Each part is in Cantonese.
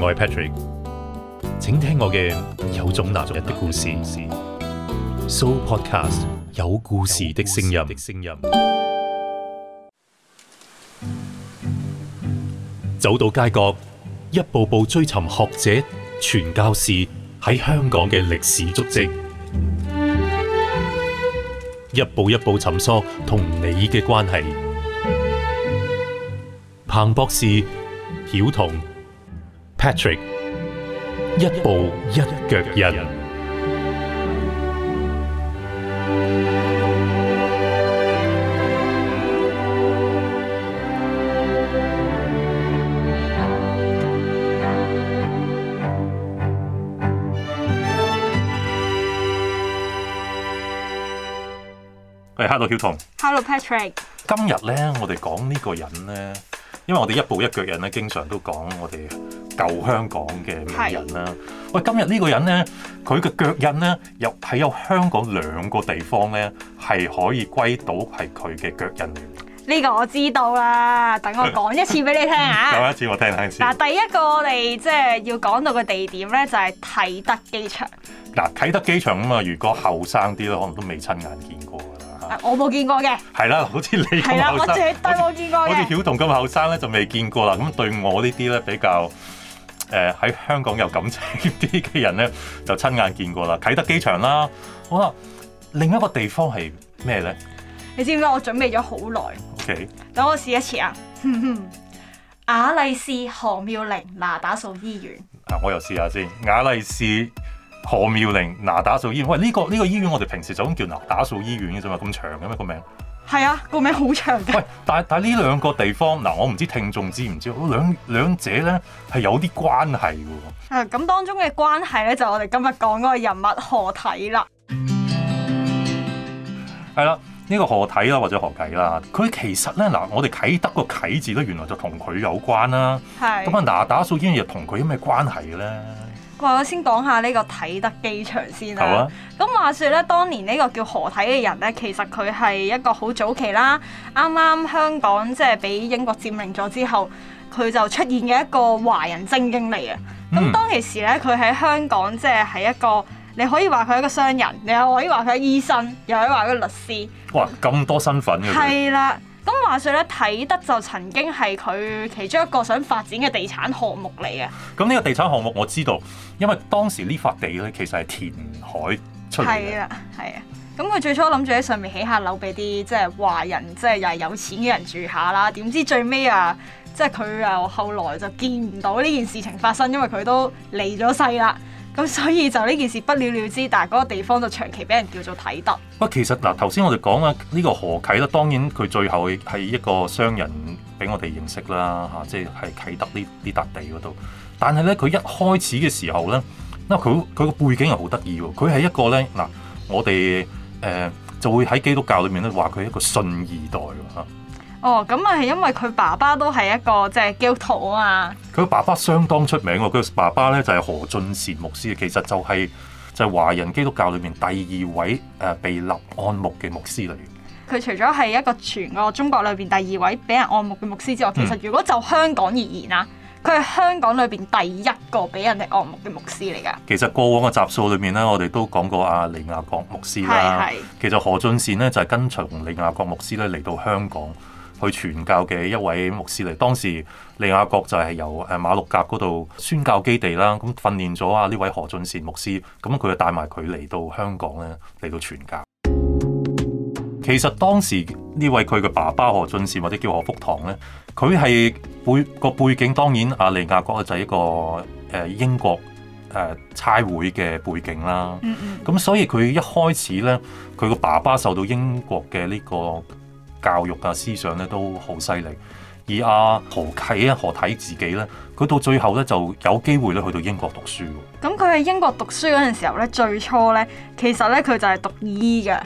我係 Patrick，請聽我嘅有種男人的故事，So Podcast 有故事的聲音。的聲音走到街角，一步步追尋學者、傳教士喺香港嘅歷史足跡，一步一步尋索同你嘅關係。彭博士，曉彤。Patrick，一步一腳印。係，Hello，Hilton。Hello，Patrick。今日咧，我哋講呢個人咧，因為我哋一步一腳印咧，經常都講我哋。舊香港嘅名人啦，喂是，今日呢個人咧，佢嘅腳印咧，又係有香港兩個地方咧，係可以歸到係佢嘅腳印嚟。呢個我知道啦，等我講一次俾你聽下。講一次我聽聽先。嗱，第一個我哋即係要講到嘅地點咧，就係啟德機場。嗱，啟德機場咁啊，如果後生啲咧，可能都未親眼見過㗎啦、啊。我冇見過嘅。係啦，好似你咁後生。係啊，我絕對冇見過嘅。好似曉彤咁後生咧，就未見過啦。咁對我呢啲咧，比較。誒喺香港有感情啲嘅人咧，就親眼見過啦。啟德機場啦，好啦，另一個地方係咩咧？你知唔知我準備咗好耐？OK，等我試一次啊！雅 麗士何妙齡拿打素醫院。嗱、啊，我又試下先。雅麗士何妙齡拿打素醫院喂？呢、呢個呢、呢個醫院我哋平時就咁叫拿打素醫院嘅啫嘛，咁長嘅咩個名？係啊，個名好長嘅。喂，但係但係呢兩個地方嗱，我唔知聽眾知唔知，兩兩者咧係有啲關係嘅喎。咁、啊、當中嘅關係咧就我哋今日講嗰個人物何啟啦。係啦，呢、 啊呢個何啟啦或者何啟啦，佢其實咧嗱，我哋啟德個啟字咧原來就同佢有關啦。係。咁啊，嗱是，那打素呢又同佢有咩關係咧？我先講下呢個啟德機場先啦、啊。咁、啊、話說咧，當年呢個叫何啟嘅人呢其實佢係一個好早期啦。啱啱香港即係俾英國佔領咗之後，佢就出現嘅一個華人精英嚟嘅。咁、嗯、當其時呢，佢喺香港即係係一個，你可以話佢係一個商人，你又可以話佢係醫生，又可以話佢係律師。哇！咁多身份㗎、啊。係 啦。咁話説咧，睇得就曾經係佢其中一個想發展嘅地產項目嚟嘅。咁呢個地產項目我知道，因為當時呢塊地咧其實係填海出嚟嘅。係啊，係啊。咁佢最初諗住喺上面起下樓俾啲即係華人，即係又係有錢嘅人住下啦。點知最尾啊，即係佢又後來就見唔到呢件事情發生，因為佢都離咗世啦。咁所以就呢件事不了了之，但係嗰個地方就長期俾人叫做啟德。不，其實嗱，頭、啊、先我哋講啦，呢、這個何啟啦，當然佢最後係一個商人俾我哋認識啦，嚇、啊，即係係啟德呢呢笪地嗰度。但係咧，佢一開始嘅時候咧，因為佢佢個背景又好得意喎，佢係一個咧嗱、啊，我哋誒、呃、就會喺基督教裏面咧話佢係一個信二代嚇。啊哦，咁啊，係因為佢爸爸都係一個即係基督徒嘛。佢爸爸相當出名喎，佢爸爸咧就係、是、何俊善牧師，其實就係、是、就係、是、華人基督教裏面第二位誒、呃、被立按牧嘅牧師嚟嘅。佢除咗係一個全個中國裏邊第二位俾人按牧嘅牧師之外，其實如果就香港而言啊，佢係、嗯、香港裏邊第一個俾人哋按牧嘅牧師嚟㗎。其實過往嘅集數裏面咧，我哋都講過阿、啊、利亞國牧師啦。係是其實何俊善呢，就係、是、跟隨利亞國牧師咧嚟到香港。去傳教嘅一位牧師嚟。當時利亞國就係由誒馬六甲嗰度宣教基地啦，咁訓練咗啊呢位何俊善牧師，咁佢就帶埋佢嚟到香港咧，嚟到傳教。 其實當時呢位佢嘅爸爸何俊善或者叫何福堂咧，佢係背個背景，當然阿利亞國就係一個誒英國誒差會嘅背景啦。咁 所以佢一開始咧，佢個爸爸受到英國嘅呢、這個。教育啊思想咧都好犀利，而阿何啟啊何啟自己咧，佢到最後咧就有機會咧去到英國讀書。咁佢喺英國讀書嗰陣時候咧，最初咧其實咧佢就係讀醫嘅。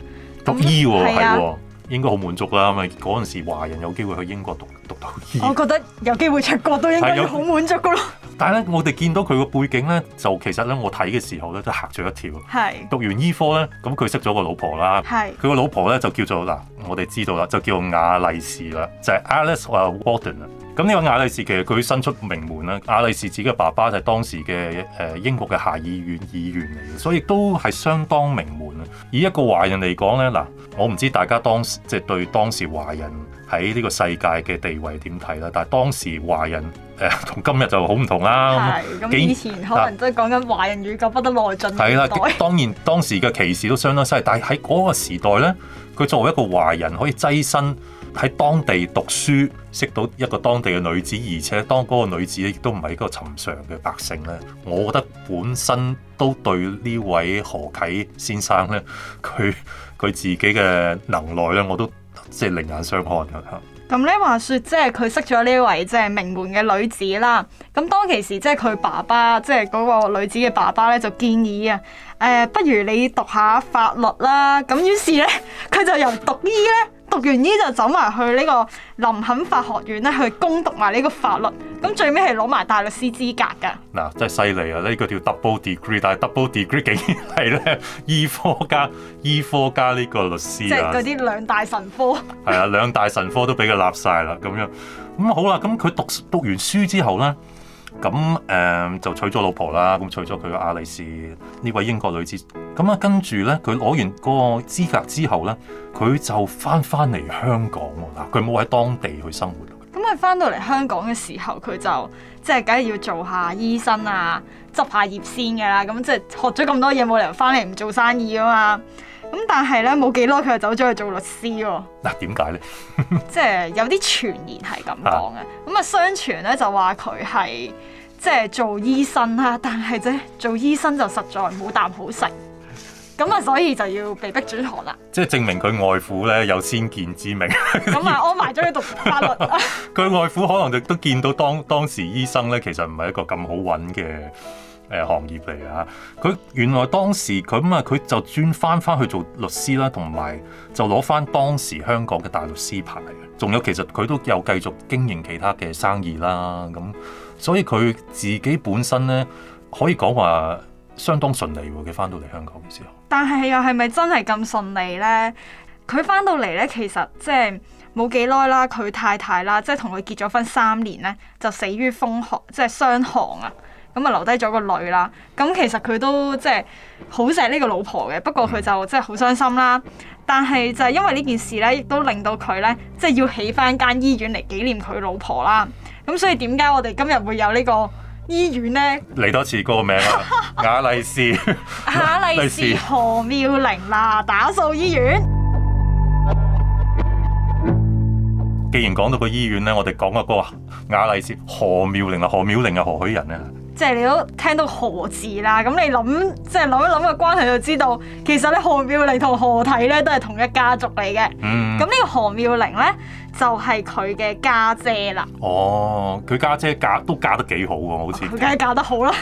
讀醫喎，係喎，應該好滿足啦。咁啊嗰陣時華人有機會去英國讀讀到醫，我覺得有機會出國都應該要好滿足㗎咯。的 但係咧，我哋見到佢個背景咧，就其實咧，我睇嘅時候咧，都嚇咗一跳。係是讀完醫科咧，咁佢識咗個老婆啦。係佢個老婆咧，就叫做嗱，我哋知道啦，就叫做亞麗士啦，就係、是、Alice Warden。咁呢、嗯這個亞歷士其實佢身出名門啦，亞歷士自己嘅爸爸就係當時嘅誒、呃、英國嘅下議院議員嚟嘅，所以都係相當名門。以一個華人嚟講咧，嗱，我唔知大家當時即係對當時華人喺呢個世界嘅地位點睇啦。但係當時華人誒、呃、同今日就好唔同啦。咁、嗯嗯、以前可能都係講緊華人與狗不得內進嘅啦、啊，當然當時嘅歧視都相當犀利，但係喺嗰個時代咧，佢作為一個華人可以躋身。喺當地讀書，識到一個當地嘅女子，而且當嗰個女子咧，亦都唔係一個尋常嘅百姓咧。我覺得本身都對呢位何啟先生咧，佢佢自己嘅能耐咧，我都即係另眼相看嘅。咁咧話説，即係佢識咗呢位即係名門嘅女子啦。咁當其時，即係佢爸爸，即係嗰個女子嘅爸爸咧，就建議啊，誒、呃，不如你讀下法律啦。咁於是咧，佢就由讀醫咧。讀完醫就走埋去呢個林肯法學院咧，去攻讀埋呢個法律，咁最尾係攞埋大律師資格噶。嗱、啊，真係犀利啊！呢、這個叫 double degree，但係 double degree 竟然係咧醫科加醫科、 e、加呢個律師、啊。即係嗰啲兩大神科。係 啊，兩大神科都俾佢立晒啦，咁樣咁、嗯、好啦、啊。咁佢讀讀完書之後咧。咁誒、嗯、就娶咗老婆啦，咁娶咗佢嘅亞莉絲呢位英國女子。咁、嗯、啊，跟住呢，佢攞完嗰個資格之後呢，佢就翻翻嚟香港喎，佢冇喺當地去生活。咁佢翻到嚟香港嘅時候，佢就即係梗係要做下醫生啊，執下業先㗎啦。咁、嗯、即係學咗咁多嘢，冇理由翻嚟唔做生意啊嘛。咁但係咧，冇幾耐佢就走咗去做律師喎、哦。嗱、啊，點解咧？即係有啲傳言係咁講嘅。咁啊，相傳咧就話佢係即係做醫生啦、啊，但係啫，做醫生就實在冇啖好食。咁啊，所以就要被逼轉行啦。即係證明佢外父咧有先見之明。咁啊，安埋咗去讀法律。佢外父可能亦都見到當當時醫生咧，其實唔係一個咁好揾嘅。誒、呃、行業嚟啊！佢原來當時佢咁啊，佢就轉翻翻去做律師啦，同埋就攞翻當時香港嘅大律師牌。仲有其實佢都有繼續經營其他嘅生意啦。咁所以佢自己本身呢，可以講話相當順利喎。佢翻到嚟香港嘅時候，但係又係咪真係咁順利呢？佢翻到嚟呢，其實即係冇幾耐啦。佢太太啦，即係同佢結咗婚三年呢，就死於風寒，即係傷寒啊！咁啊，留低咗個女啦。咁其實佢都即係好錫呢個老婆嘅，不過佢就即係好傷心啦。但係就係因為呢件事咧，亦都令到佢咧即係要起翻間醫院嚟紀念佢老婆啦。咁所以點解我哋今日會有呢個醫院咧？嚟多次嗰個名啊， 雅麗氏。 雅麗氏士 士 何妙齡啦，打掃醫院。既然講到個醫院咧，我哋講下個雅麗氏何妙齡啦。何妙齡係何，何，何許人啊？即係你都聽到何字啦，咁你諗即係諗一諗嘅關係就知道，其實咧何妙玲同何體咧都係同一家族嚟嘅。嗯，咁呢個何妙玲咧就係佢嘅家姐啦。哦，佢家姐，姐嫁都嫁得幾好㗎，好似。佢梗係嫁得好啦！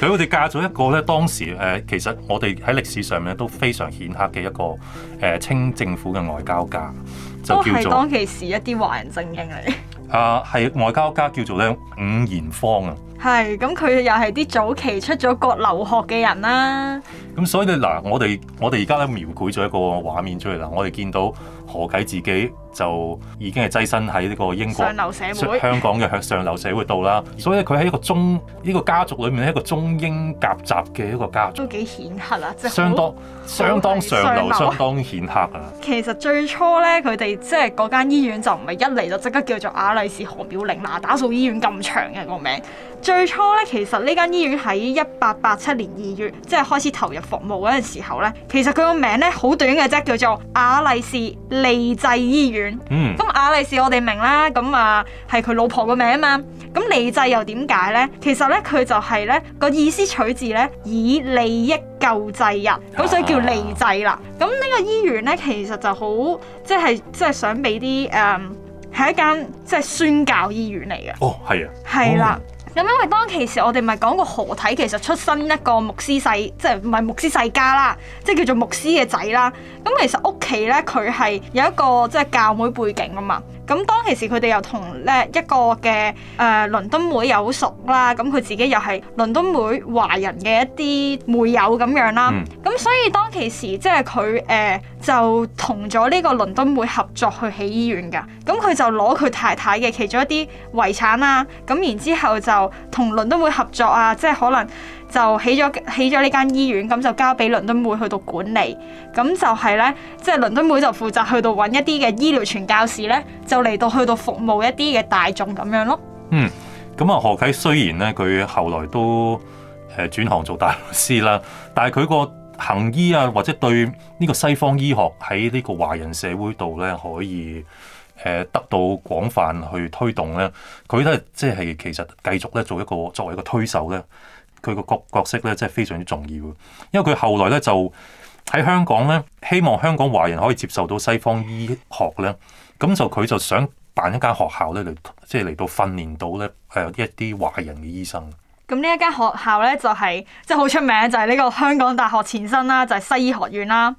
佢我哋嫁咗一個咧，當時誒、呃、其實我哋喺歷史上面都非常顯赫嘅一個誒、呃、清政府嘅外交家，就叫做都係當其時一啲華人精英嚟。啊、 呃，係外交家叫做咧伍延芳啊。係，咁佢又係啲早期出咗國留學嘅人啦。咁所以咧，嗱，我哋我哋而家咧描繪咗一個畫面出嚟啦，我哋見到。何啟自己就已經係躋身喺呢個英國上流社會、香港嘅上流社會度啦。所以佢喺一個中呢個家族裏面咧，一個中英夾雜嘅一個家族都幾顯赫啦，即係、相當好相當上流，上流相當顯赫啊！其實最初呢，佢哋即係嗰間醫院就唔係一嚟就即刻叫做亞麗士何妙齡那打素醫院咁長嘅個名。最初呢，其實呢間醫院喺一八八七年二月即係開始投入服務嗰陣時候呢，其實佢個名呢，好短嘅啫，叫做亞麗士。利濟醫院，咁亞利士我哋明啦，咁啊係佢老婆個名嘛，咁利濟又點解咧？其實咧佢就係咧、那個意思取自咧以利益救濟人、啊，咁所以叫利濟啦。咁呢、啊、個醫院咧其實就好，即係即係想俾啲誒，係、嗯、一間即係宣教醫院嚟嘅。哦，係啊，係啦。嗯咁因為當其時我哋咪講過河體，其實出身一個牧師世，即係唔係牧師世家啦，即係叫做牧師嘅仔啦。咁其實屋企咧，佢係有一個即係教會背景噶嘛。咁當其時佢哋又同咧一個嘅誒、呃、倫敦會有好熟啦，咁佢自己又係倫敦會華人嘅一啲會友咁樣啦，咁、嗯、所以當其時即係佢誒就同咗呢個倫敦會合作去起醫院噶，咁佢就攞佢太太嘅其中一啲遺產啊，咁然之後就同倫敦會合作啊，即係可能。就起咗起咗呢間醫院，咁就交俾倫敦妹去到管理，咁就係呢，即係倫敦妹就負責去到揾一啲嘅醫療傳教士呢，就嚟到去到服務一啲嘅大眾咁樣咯。嗯，咁、嗯、啊，何啟雖然呢，佢後來都誒轉行做大律師啦，但係佢個行醫啊，或者對呢個西方醫學喺呢個華人社會度呢，可以誒得到廣泛去推動呢，佢都即係其實繼續呢，做一個作為一個推手呢。佢個角角色咧，真係非常之重要。因為佢後來咧就喺香港咧，希望香港華人可以接受到西方醫學咧，咁就佢就想辦一間學校咧嚟，即係嚟到訓練到咧誒一啲華人嘅醫生。咁呢一間學校咧就係即係好出名，就係呢個香港大學前身啦，就係西醫學院啦。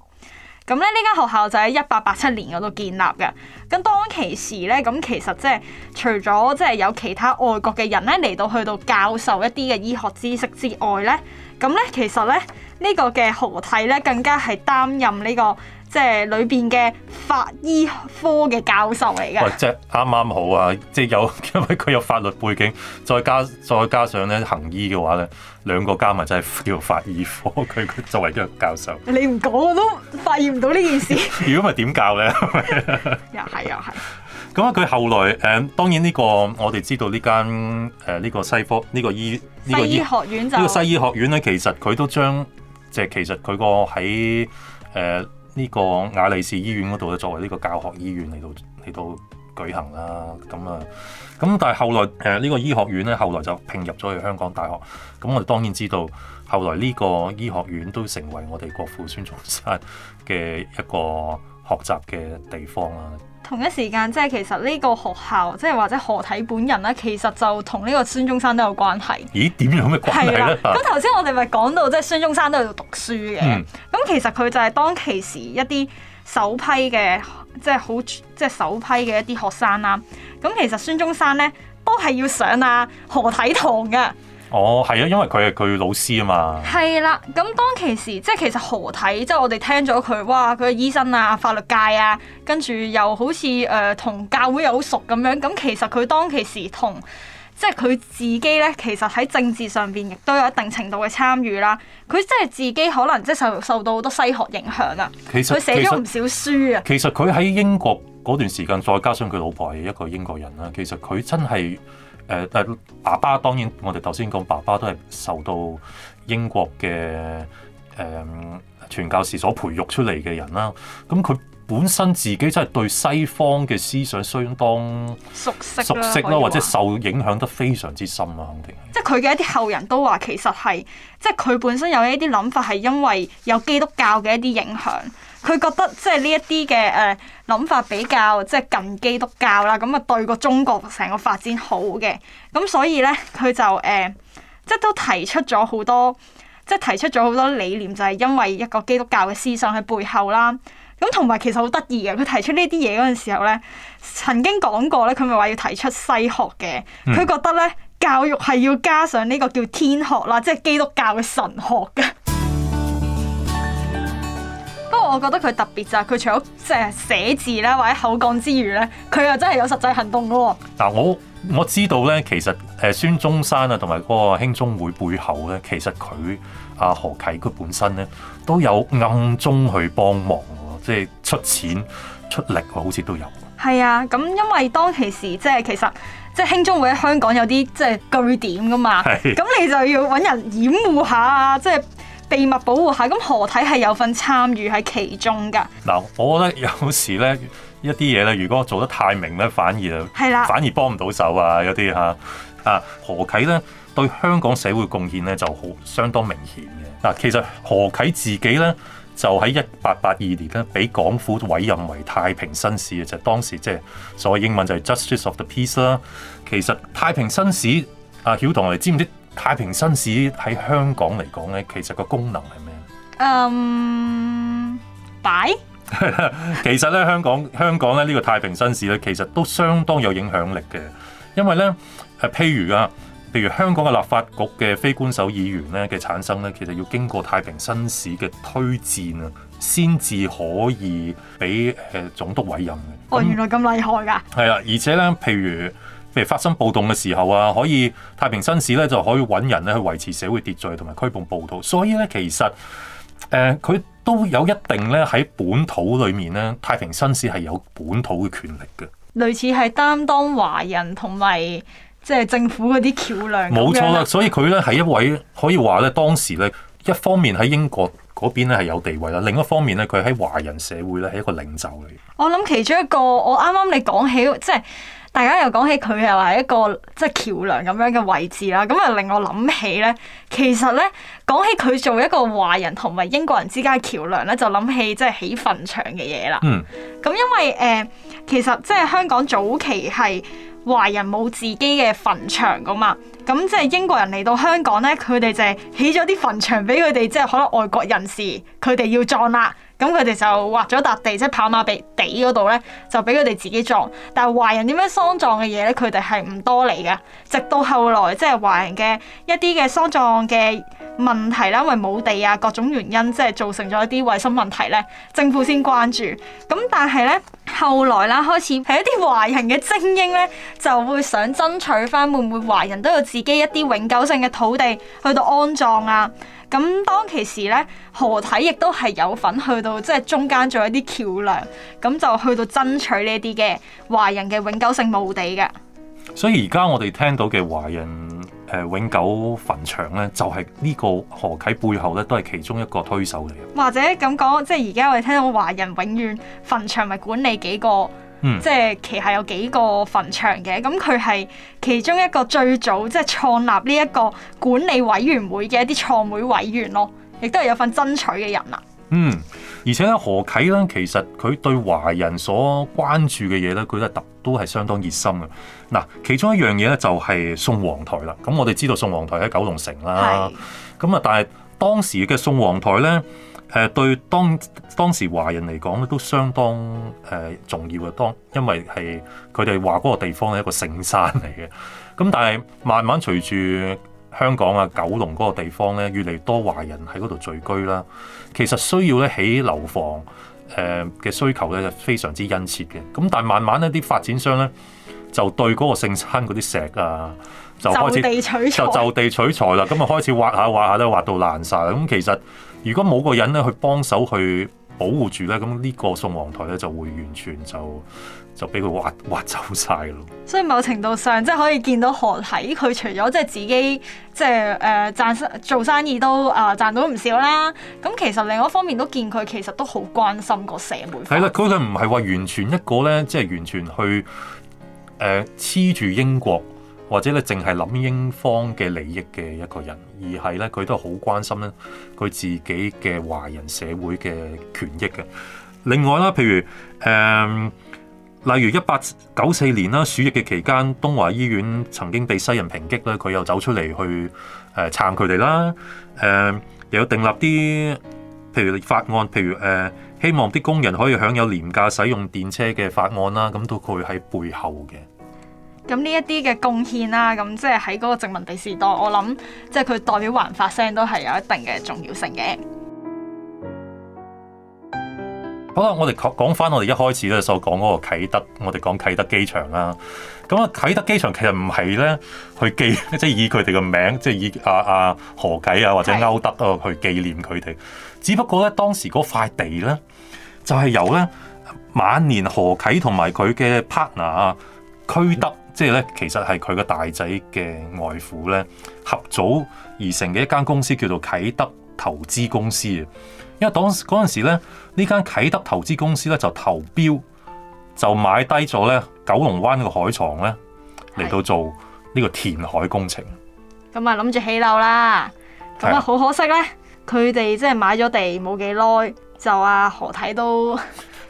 咁咧呢間學校就喺一八八七年嗰度建立嘅。咁當其時咧，咁其實即係除咗即係有其他外國嘅人咧嚟到去到教授一啲嘅醫學知識之外咧，咁咧其實咧呢個嘅豪體咧更加係擔任呢個。即係裏邊嘅法醫科嘅教授嚟嘅，即係啱啱好啊！即、就、係、是、有，因為佢有法律背景，再加再加上咧行醫嘅話咧，兩個加埋真係叫法醫科佢作為一個教授。你唔講我都發現唔到呢件事。如果咪點教咧？ 又係又係。咁啊，佢後來誒、呃，當然呢、這個我哋知道呢間誒呢個西科呢、這個醫呢、這個醫，醫學院呢個西醫學院咧，其實佢都將即係其實佢個喺誒。呃呢個雅麗士醫院嗰度咧，作為呢個教學醫院嚟到嚟到舉行啦，咁啊，咁但係後來誒呢、呃這個醫學院咧，後來就併入咗去香港大學，咁我哋當然知道，後來呢個醫學院都成為我哋國父孫中山嘅一個學習嘅地方啦。同一時間，即係其實呢個學校，即係或者何體本人啦，其實就同呢個孫中山都有關係。咦？點樣有咩關係咧？係喇！咁頭先我哋咪講到即係孫中山都喺度讀書嘅。咁、嗯、其實佢就係當其時一啲首批嘅，即係好即係首批嘅一啲學生啦。咁其實孫中山咧都係要上啊何體堂㗎。哦，係啊，因為佢係佢老師啊嘛。係啦，咁當其時，即係其實何體，即係我哋聽咗佢，哇！佢係醫生啊，法律界啊，跟住又好似誒同教會又好熟咁樣。咁其實佢當其時同，即係佢自己咧，其實喺政治上邊亦都有一定程度嘅參與啦。佢即係自己可能即係受受到好多西學影響啊。其實佢寫咗唔少書啊。其實佢喺英國嗰段時間，再加上佢老婆係一個英國人啦，其實佢真係。誒誒、呃，爸爸當然，我哋頭先講爸爸都係受到英國嘅誒傳教士所培育出嚟嘅人啦。咁佢本身自己真係對西方嘅思想相當熟悉，熟悉啦，或者受影響得非常之深啊。肯定。即係佢嘅一啲後人都話，其實係即係佢本身有一啲諗法，係因為有基督教嘅一啲影響。佢覺得即係呢一啲嘅誒諗法比較即係近基督教啦，咁啊對個中國成個發展好嘅，咁所以咧佢就誒、呃、即係都提出咗好多，即係提出咗好多理念，就係因為一個基督教嘅思想喺背後啦。咁同埋其實好得意嘅，佢提出呢啲嘢嗰陣時候咧，曾經講過咧，佢咪話要提出西學嘅，佢覺得咧教育係要加上呢個叫天學啦，即係基督教嘅神學嘅。我覺得佢特別就係佢除咗即係寫字咧或者口講之餘咧，佢又真係有實際行動噶喎。嗱、哦啊，我我知道咧，其實誒孫中山啊同埋嗰個興中會背後咧，其實佢阿、啊、何啟佢本身咧都有暗中去幫忙喎，即係出錢出力，好似都有。係啊，咁因為當其時即係其實即係興中會喺香港有啲即係據點噶嘛，咁是你就要揾人掩護下啊，即係。秘密保護下，咁何啟係有份參與喺其中㗎？嗱，我覺得有時咧，一啲嘢咧，如果做得太明咧，反而係啦，的反而幫唔到手啊！有啲嚇啊，何啟咧對香港社會貢獻咧就好相當明顯嘅。嗱、啊，其實何啟自己咧就喺一八八二年咧俾港府委任為太平紳士嘅，就係、當時即係所謂英文就係 justice of the peace 啦。其實太平紳士啊，曉彤，你知唔知？太平紳士喺香港嚟講咧，其實個功能係咩？嗯，擺、um, 拜。 其實咧，香港香港咧呢個太平紳士咧，其實都相當有影響力嘅，因為咧係、啊、譬如啊，譬如香港嘅立法局嘅非官守議員咧嘅產生咧，其實要經過太平紳士嘅推薦啊，先至可以俾誒、呃、總督委任嘅。哇、哦！那原來咁厲害㗎。係啊，而且咧，譬如。譬如發生暴動嘅時候啊，可以太平紳士咧就可以揾人咧去維持社會秩序同埋拘捕暴徒，所以咧其實誒佢、呃、都有一定咧喺本土裏面咧太平紳士係有本土嘅權力嘅，類似係擔當華人同埋即係政府嗰啲橋梁。冇錯啦，所以佢咧係一位可以話咧當時咧一方面喺英國嗰邊咧係有地位啦，另一方面咧佢喺華人社會咧係一個領袖嚟。我諗其中一個我剛剛，我啱啱你講起即係。大家又講起佢又係一個即係、就是、橋梁咁樣嘅位置啦，咁啊令我諗起咧，其實咧講起佢做一個華人同埋英國人之間嘅橋梁咧，就諗起即係起墳場嘅嘢啦。咁、嗯、因為誒、呃，其實即係香港早期係華人冇自己嘅墳場㗎嘛，咁即係英國人嚟到香港咧，佢哋就係起咗啲墳場俾佢哋，即、就、係、是、可能外國人士佢哋要葬啦。咁佢哋就挖咗笪地，即係跑馬地地嗰度咧，就俾佢哋自己撞。但係華人點樣喪葬嘅嘢咧，佢哋係唔多嚟嘅。直到後來，即係華人嘅一啲嘅喪葬嘅問題啦，因為冇地啊，各種原因即係造成咗一啲衞生問題咧，政府先關注。咁但係咧，後來啦，開始係一啲華人嘅精英咧，就會想爭取翻會唔會華人都有自己一啲永久性嘅土地去到安葬啊？咁當其時咧，何啟亦都係有份去到，即係中間做一啲橋梁，咁就去到爭取呢啲嘅華人嘅永久性墓地嘅。所以而家我哋聽到嘅華人誒、呃、永久墳場咧，就係、是、呢個何啟背後咧都係其中一個推手嚟嘅。或者咁講，即係而家我哋聽到華人永遠墳場咪管理幾個？即係旗下有幾個墳場嘅，咁佢係其中一個最早即係、就是、創立呢一個管理委員會嘅一啲創會委，委員咯，亦都係有份爭取嘅人啦。嗯，而且咧何啟咧，其實佢對華人所關注嘅嘢咧，佢都係特都係相當熱心嘅。嗱，其中一樣嘢咧就係宋皇台啦。咁我哋知道宋皇台喺九龍城啦。咁啊是，但係當時嘅宋皇台咧。誒、呃、對當當時華人嚟講咧，都相當誒、呃、重要嘅。當因為係佢哋話嗰個地方係一個聖山嚟嘅。咁、嗯、但係慢慢隨住香港啊九龍嗰個地方咧，越嚟越多華人喺嗰度聚居啦。其實需要咧起樓房誒嘅、呃、需求咧，就非常之殷切嘅。咁、嗯、但係慢慢呢啲發展商咧。就對嗰個聖山嗰啲石啊，就開始就地取材，就就地取材啦。咁啊 開始挖下挖下都挖，挖到爛晒。咁其實如果冇個人咧去幫手去保護住咧，咁呢個宋王台咧就會完全就就俾佢挖挖走晒咯。所以某程度上即係可以見到何體佢除咗即係自己即係誒、呃、賺生做生意都啊、呃、賺到唔少啦。咁其實另一方面都見佢其實都好關心個社會。係啦，佢佢唔係話完全一個咧，即係完全去。黐住、呃、英國或者咧淨係諗英方嘅利益嘅一個人，而係咧佢都好關心咧佢自己嘅華人社會嘅權益嘅。另外啦，譬如誒、呃，例如一八九四年啦，鼠疫嘅期間，東華醫院曾經被西人抨擊咧，佢又走出嚟去誒撐佢哋啦。誒、呃，又有訂立啲譬如法案，譬如誒。呃希望啲工人可以享有廉價使用電車嘅法案啦，咁都佢喺背後嘅。咁呢一啲嘅貢獻啦、啊，咁即係喺嗰個殖民地時代，我諗即係佢代表還發聲都係有一定嘅重要性嘅。好啦，我哋講翻我哋一開始咧所講嗰個啟德，我哋講啟德機場啦。咁啊，啟德機場其實唔係咧去紀，即係以佢哋嘅名，即係以阿、啊、阿、啊、何啟啊或者歐德啊去紀念佢哋。是只不過咧，當時嗰塊地咧。就係由咧晚年何啟同埋佢嘅 partner 啊，區德，即係咧，其實係佢個大仔嘅外父咧，合組而成嘅一間公司叫做啟德投資公司啊。因為當嗰陣時咧，時呢間啟德投資公司咧就投標，就買低咗咧九龍灣嘅海床咧，嚟到做呢個填海工程。咁啊的，諗住起樓啦，咁啊，好可惜咧，佢哋即係買咗地冇幾耐。就啊，何睇都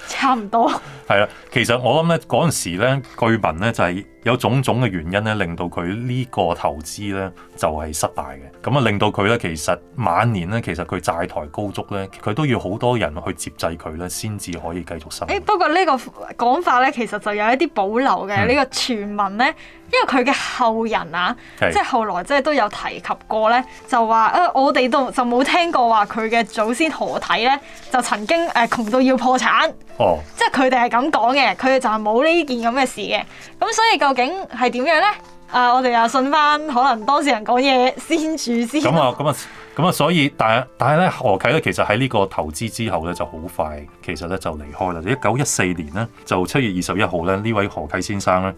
差唔多。係啊， 其實我諗咧，嗰陣時咧，據聞咧就係、是。有種種嘅原因咧，令到佢呢個投資咧就係、是、失敗嘅。咁啊，令到佢咧其實晚年咧，其實佢債台高築咧，佢都要好多人去接濟佢咧，先至可以繼續生活。欸、不過個呢個講法咧，其實就有一啲保留嘅、嗯、呢個傳聞咧，因為佢嘅後人啊，是即係後來即係都有提及過咧，就話啊、呃，我哋都就冇聽過話佢嘅祖先何體咧，就曾經誒、呃、窮到要破產。哦，即係佢哋係咁講嘅，佢哋就係冇呢件咁嘅事嘅。咁所以個。究竟係點樣呢？啊，我哋又信翻可能當事人講嘢先住先。咁啊，咁啊，咁啊，所以但係但係咧，何啟咧，其實喺呢個投資之後咧，就好快，其實咧就離開啦。一九一四年呢，就七月二十一號咧，呢位何啟先生咧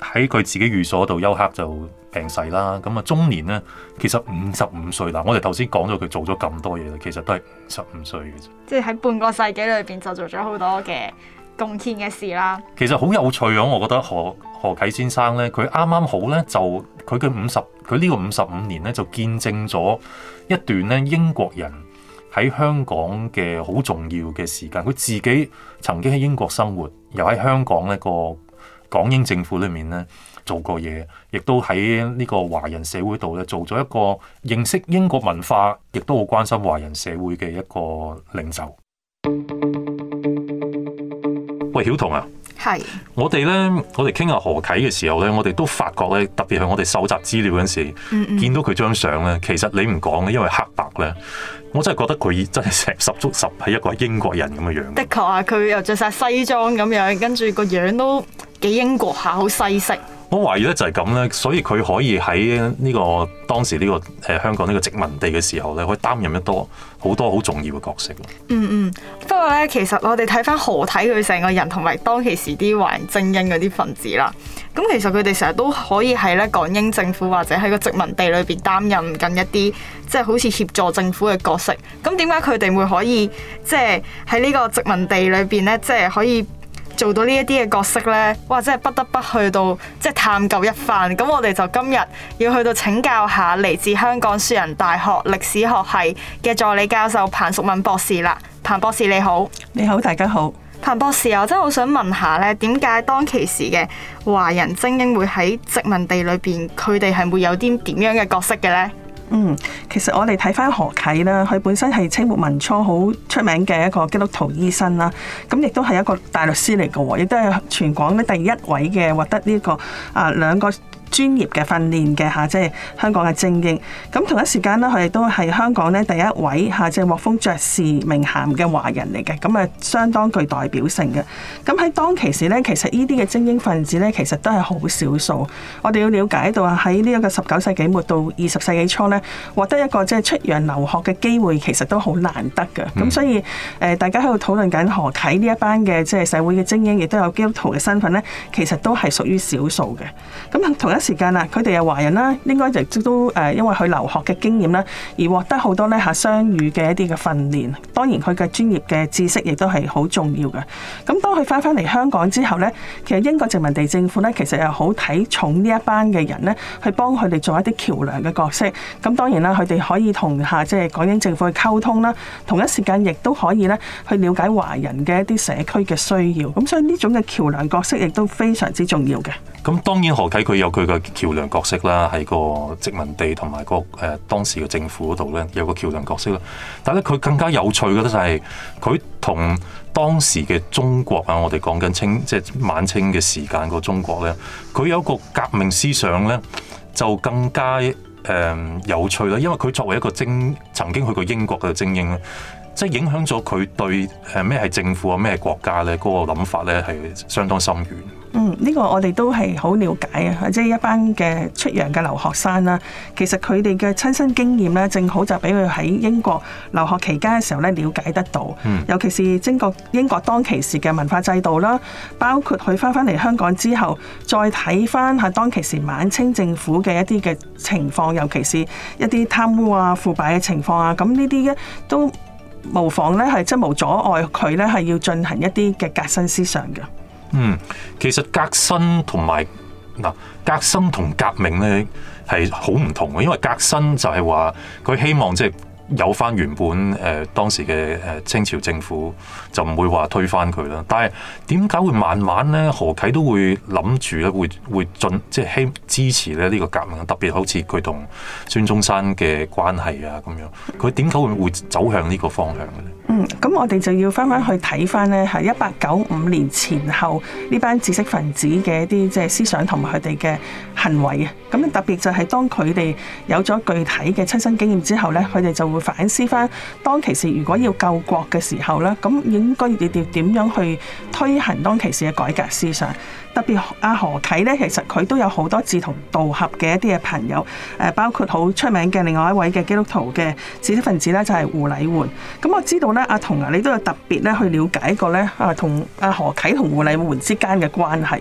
喺佢自己寓所度休克就病逝啦。咁啊，中年呢，其實五十五歲啦。我哋頭先講咗佢做咗咁多嘢啦，其實都係五十五歲嘅啫。即係喺半個世紀裏邊就做咗好多嘅。貢獻嘅事啦，其實好有趣啊！我覺得何何啟先生咧，佢啱啱好咧就佢嘅五十，佢呢個五十五年咧就見證咗一段咧英國人喺香港嘅好重要嘅時間。佢自己曾經喺英國生活，又喺香港呢個港英政府裏面咧做過嘢，亦都喺呢個華人社會度咧做咗一個認識英國文化，亦都好關心華人社會嘅一個領袖。喂，曉彤啊，係是我哋咧，我哋傾下何啟嘅時候咧，我哋都發覺咧，特別係我哋搜集資料嗰陣時，嗯嗯見到佢張相咧，其實你唔講嘅，因為黑白咧。我真係覺得佢真係成十足十係一個英國人咁嘅樣。的，的確啊，佢又着晒西裝咁樣，跟住個樣都幾英國下，好西式。我懷疑咧就係咁咧，所以佢可以喺呢個當時呢個誒、呃、香港呢個殖民地嘅時候咧，可以擔任一多好多好重要嘅角色。嗯嗯，不過咧其實我哋睇翻何睇佢成個人同埋當其時啲華人精英嗰啲分子啦，咁其實佢哋成日都可以喺咧港英政府或者喺個殖民地裏邊擔任緊一啲即係好似協助政府嘅角。咁點解佢哋會可以即係喺呢個殖民地裏邊呢？即係可以做到呢一啲嘅角色呢？哇！真係不得不去到即係探究一番。咁我哋就今日要去到請教下嚟自香港樹仁大學歷史學系嘅助理教授彭淑敏博士啦。彭博士你好，你好，大家好。彭博士，我真係好想問下呢，點解當其時嘅華人精英會喺殖民地裏邊，佢哋係會有啲點樣嘅角色嘅呢？嗯，其實我哋睇翻何啟啦，佢本身係清末民初好出名嘅一個基督徒醫生啦，咁亦都係一個大律師嚟嘅，亦都係全港咧第一位嘅獲得呢個啊兩個專業嘅訓練嘅嚇，即係香港嘅精英。咁同一時間咧，佢哋都係香港咧第一位嚇即係獲封爵士名銜嘅華人嚟嘅。咁啊，相當具代表性嘅。咁喺當其時呢，其實呢啲嘅精英分子呢，其實都係好少數。我哋要了解到啊，喺呢一個十九世紀末到二十世紀初呢，獲得一個即係出洋留學嘅機會，其實都好難得嘅。咁、嗯、所以誒，大家喺度討論緊何啟呢一班嘅即係社會嘅精英，亦都有基督徒嘅身份呢，其實都係屬於少數嘅。咁同一。時間啦，佢哋係華人啦，應該亦都誒，因為佢留學嘅經驗啦，而獲得好多呢吓雙語嘅一啲嘅訓練。當然佢嘅專業嘅知識亦都係好重要嘅。咁當佢翻返嚟香港之後呢，其實英國殖民地政府呢，其實又好睇重呢一班嘅人呢，去幫佢哋做一啲橋梁嘅角色。咁當然啦，佢哋可以同下即係港英政府去溝通啦，同一時間亦都可以呢去了解華人嘅一啲社區嘅需要。咁所以呢種嘅橋梁角色亦都非常之重要嘅。咁當然何啟佢有佢。橋個,個,呃、個橋梁角色啦，喺個殖民地同埋個誒當時嘅政府嗰度咧，有個橋梁角色啦。但係咧佢更加有趣嘅咧就係佢同當時嘅中國啊，我哋講緊清即係晚清嘅時間個中國咧，佢有個革命思想咧，就更加誒、呃、有趣啦。因為佢作為一個精曾經去過英國嘅精英，即係影響咗佢對誒咩係政府啊、咩係國家咧嗰、那個諗法咧，係相當深遠。嗯，呢、這個我哋都係好了解啊，即、就、係、是、一班嘅出洋嘅留學生啦。其實佢哋嘅親身經驗咧，正好就俾佢喺英國留學期間嘅時候咧瞭解得到。嗯、尤其是英國英國當其時嘅文化制度啦，包括佢翻翻嚟香港之後，再睇翻下當其時晚清政府嘅一啲嘅情況，尤其是一啲貪污啊、腐敗嘅情況啊。咁呢啲咧都無妨咧，係真無阻礙佢咧係要進行一啲嘅革新思想嘅。嗯，其實革新同埋嗱革新同革命咧係好唔同嘅，因為革新就係話佢希望即係有返原本誒、呃、當時嘅誒清朝政府就唔會話推翻佢啦。但係點解會慢慢咧何啟都會諗住咧會會進即係希支持咧呢個革命？特別好似佢同孫中山嘅關係啊咁樣，佢點解會會走向呢個方向嘅咧？嗯，咁我哋就要翻翻去睇翻咧，係一八九五年前後呢班知識分子嘅一啲即係思想同埋佢哋嘅行為啊。咁咧特別就係當佢哋有咗具體嘅親身經驗之後咧，佢哋就會反思翻當其時如果要救國嘅時候咧，咁應該要點點點樣去推行當其時嘅改革思想。特別阿何啟咧，其實佢都有好多志同道合嘅一啲嘅朋友，誒，包括好出名嘅另外一位嘅基督徒嘅知識分子咧，就係胡禮垣。咁、嗯、我知道咧，阿童牙你都有特別咧去了解過咧，啊同阿、啊、何啟同胡禮垣之間嘅關係。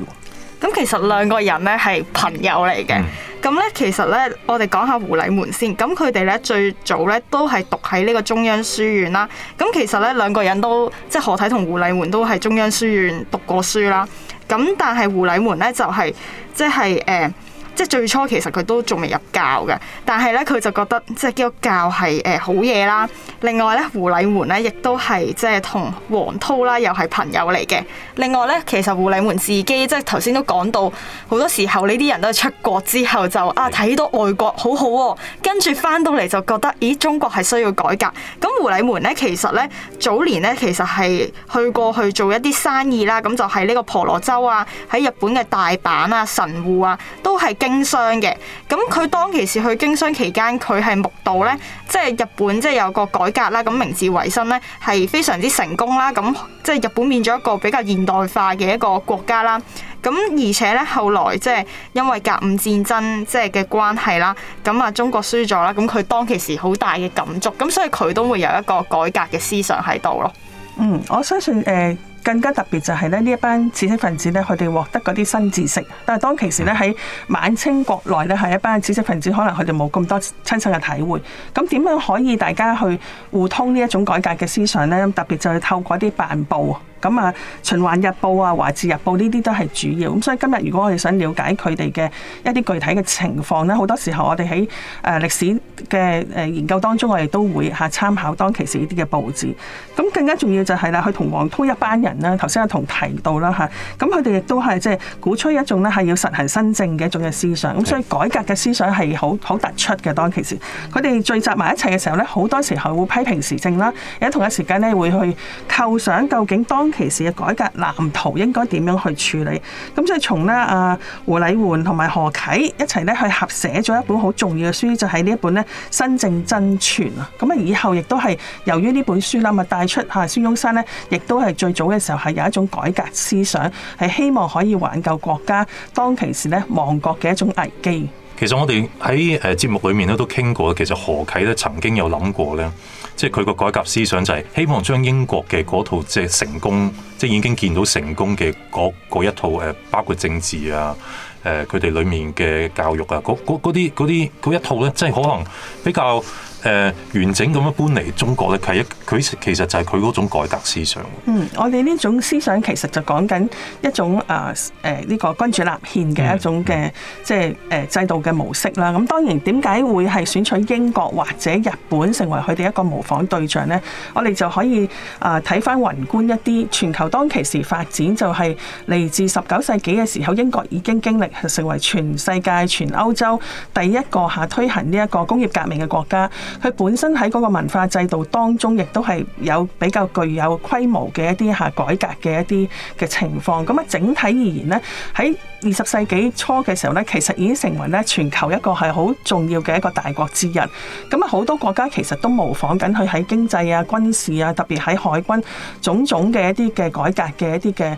咁其實兩個人咧係朋友嚟嘅。咁咧、嗯，其實咧，我哋講下胡禮垣先。咁佢哋咧最早咧都係讀喺呢個中央書院啦。咁其實咧，兩個人都即係何啟同胡禮垣都係中央書院讀過書啦。咁但係護理門呢，就係即係誒。呃即係最初其實佢都仲未入教嘅，但係咧佢就覺得即係基督教係誒、呃、好嘢啦。另外咧，胡禮門咧亦都係即係同黃濤啦又係朋友嚟嘅。另外咧，其實胡禮門自己即係頭先都講到好多時候呢啲人都係出國之後就啊睇到外國好好，跟住翻到嚟就覺得咦中國係需要改革。咁胡禮門咧其實咧早年咧其實係去過去做一啲生意啦，咁就係呢個婆羅洲啊，喺日本嘅大阪啊、神戶啊都係。經商嘅，咁佢當其時去經商期間，佢係目睹呢，即係日本即係有個改革啦，咁明治維新呢，係非常之成功啦，咁即係日本變咗一個比較現代化嘅一個國家啦，咁而且呢，後來即係因為甲午戰爭即係嘅關係啦，咁啊中國輸咗啦，咁佢當其時好大嘅感觸，咁所以佢都會有一個改革嘅思想喺度咯。嗯，我相信誒。呃更加特別就係咧呢一班知識分子咧，佢哋獲得嗰啲新知識。但係當其時咧喺晚清國內咧，係一班知識分子，可能佢哋冇咁多親身嘅體會。咁點樣可以大家去互通呢一種改革嘅思想咧？咁特別就係透過啲辦報。咁、嗯、啊，循環日報啊，華字日報呢啲都係主要。咁、啊、所以今日如果我哋想了解佢哋嘅一啲具體嘅情況咧，好多時候我哋喺誒歷史嘅誒研究當中，我哋都會吓參、啊、考當其時呢啲嘅報紙，咁、啊、更加重要就係、是、啦，佢、啊、同黃濤一班人啦，頭先啊同提到啦吓，咁佢哋亦都係即係鼓吹一種咧係、啊、要實行新政嘅一種嘅思想。咁、啊、所以改革嘅思想係好好突出嘅，當其時佢哋聚集埋一齊嘅時候咧，好多時候會批評時政啦，喺同一時間咧會去構想究竟當。當其時嘅改革藍圖應該點樣去處理？咁即係從咧阿胡禮垣同埋何啟一齊咧去合寫咗一本好重要嘅書，就係、是、呢一本咧《新政真詮》啊！咁啊以後亦都係由於呢本書啦，咪帶出吓孫中山咧，亦都係最早嘅時候係有一種改革思想，係希望可以挽救國家當其時咧亡國嘅一種危機。其實我哋喺誒節目裏面咧都傾過，其實何啟咧曾經有諗過咧，即係佢個改革思想就係希望將英國嘅嗰套即係成功，即係已經見到成功嘅嗰一套誒，包括政治啊、誒佢哋裏面嘅教育啊，嗰啲嗰啲嗰一套咧，即係可能比較，誒、呃、完整咁樣搬嚟中國咧，佢係一佢其實就係佢嗰種改革思想。嗯，我哋呢種思想其實就講緊一種誒誒呢個君主立憲嘅一種嘅即係誒制度嘅模式啦。咁、嗯嗯、當然點解會係選取英國或者日本成為佢哋一個模仿對象呢？我哋就可以啊睇翻宏觀一啲全球當其時發展，就係嚟自十九世紀嘅時候，英國已經經歷成為全世界全歐洲第一個下推行呢一個工業革命嘅國家。佢本身喺嗰個文化制度當中，亦都係有比較具有規模嘅一啲嚇改革嘅一啲嘅情況。咁啊，整體而言呢，喺。二十世紀初嘅時候咧，其實已經成為咧全球一個係好重要嘅一個大國之一。咁啊，好多國家其實都模仿緊佢喺經濟啊、軍事啊，特別喺海軍種種嘅一啲嘅改革嘅一啲嘅誒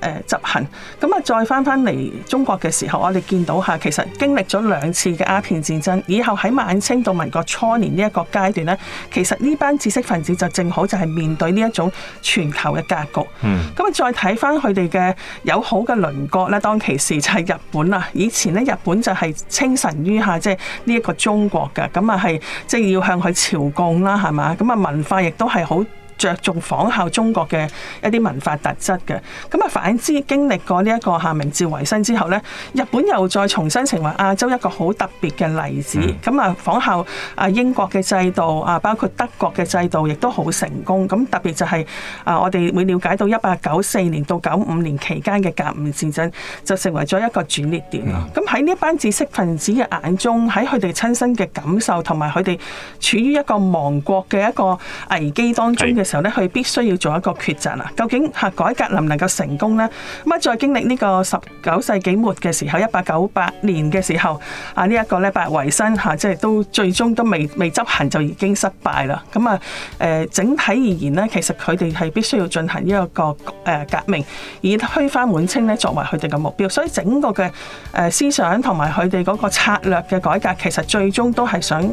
誒執行。咁啊，再翻翻嚟中國嘅時候，我哋見到下其實經歷咗兩次嘅鴉片戰爭，以後喺晚清到民國初年呢一個階段咧，其實呢班知識分子就正好就係面對呢一種全球嘅格局。咁啊，嗯，再睇翻佢哋嘅友好嘅鄰國咧，當。其實就係日本啦，以前咧日本就係稱臣於下，即係呢一個中國㗎，咁啊係即係要向佢朝貢啦，係嘛？咁啊文化亦都係好着重仿效中國嘅一啲文化特質嘅，咁啊反之經歷過呢一個夏明治維新之後咧，日本又再重新成為亞洲一個好特別嘅例子。咁啊、嗯、仿效啊英國嘅制度啊，包括德國嘅制度，亦都好成功。咁特別就係啊，我哋會了解到一八九四年到九五年期間嘅甲午戰爭就成為咗一個轉捩點，咁喺呢班知識分子嘅眼中，喺佢哋親身嘅感受同埋佢哋處於一個亡國嘅一個危機當中嘅。時候咧，佢必須要做一個抉擇啦。究竟吓改革能唔能夠成功呢？咁啊，再經歷呢個十九世紀末嘅時候，一八九八年嘅時候，啊呢一個咧，百維新吓，即係都最終都未未執行就已經失敗啦。咁啊，誒整體而言呢，其實佢哋係必須要進行呢一個誒革命，以推翻滿清咧作為佢哋嘅目標。所以整個嘅誒思想同埋佢哋嗰個策略嘅改革，其實最終都係想。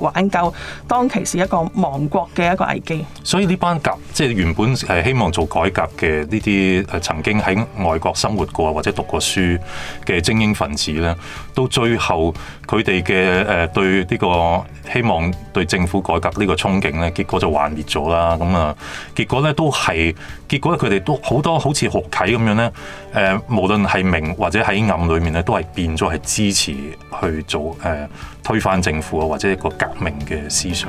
挽救當其是一個亡國嘅一個危機，所以呢班甲即係原本係希望做改革嘅呢啲誒曾經喺外國生活過或者讀過書嘅精英分子咧，到最後佢哋嘅誒對呢個希望。對政府改革呢個憧憬呢，結果就幻滅咗啦。咁、嗯、啊，結果呢，都係，結果佢哋都多好多好似學啟咁樣呢，誒、呃，無論係明或者喺暗裏面呢，都係變咗係支持去做誒、呃、推翻政府啊，或者一個革命嘅思想。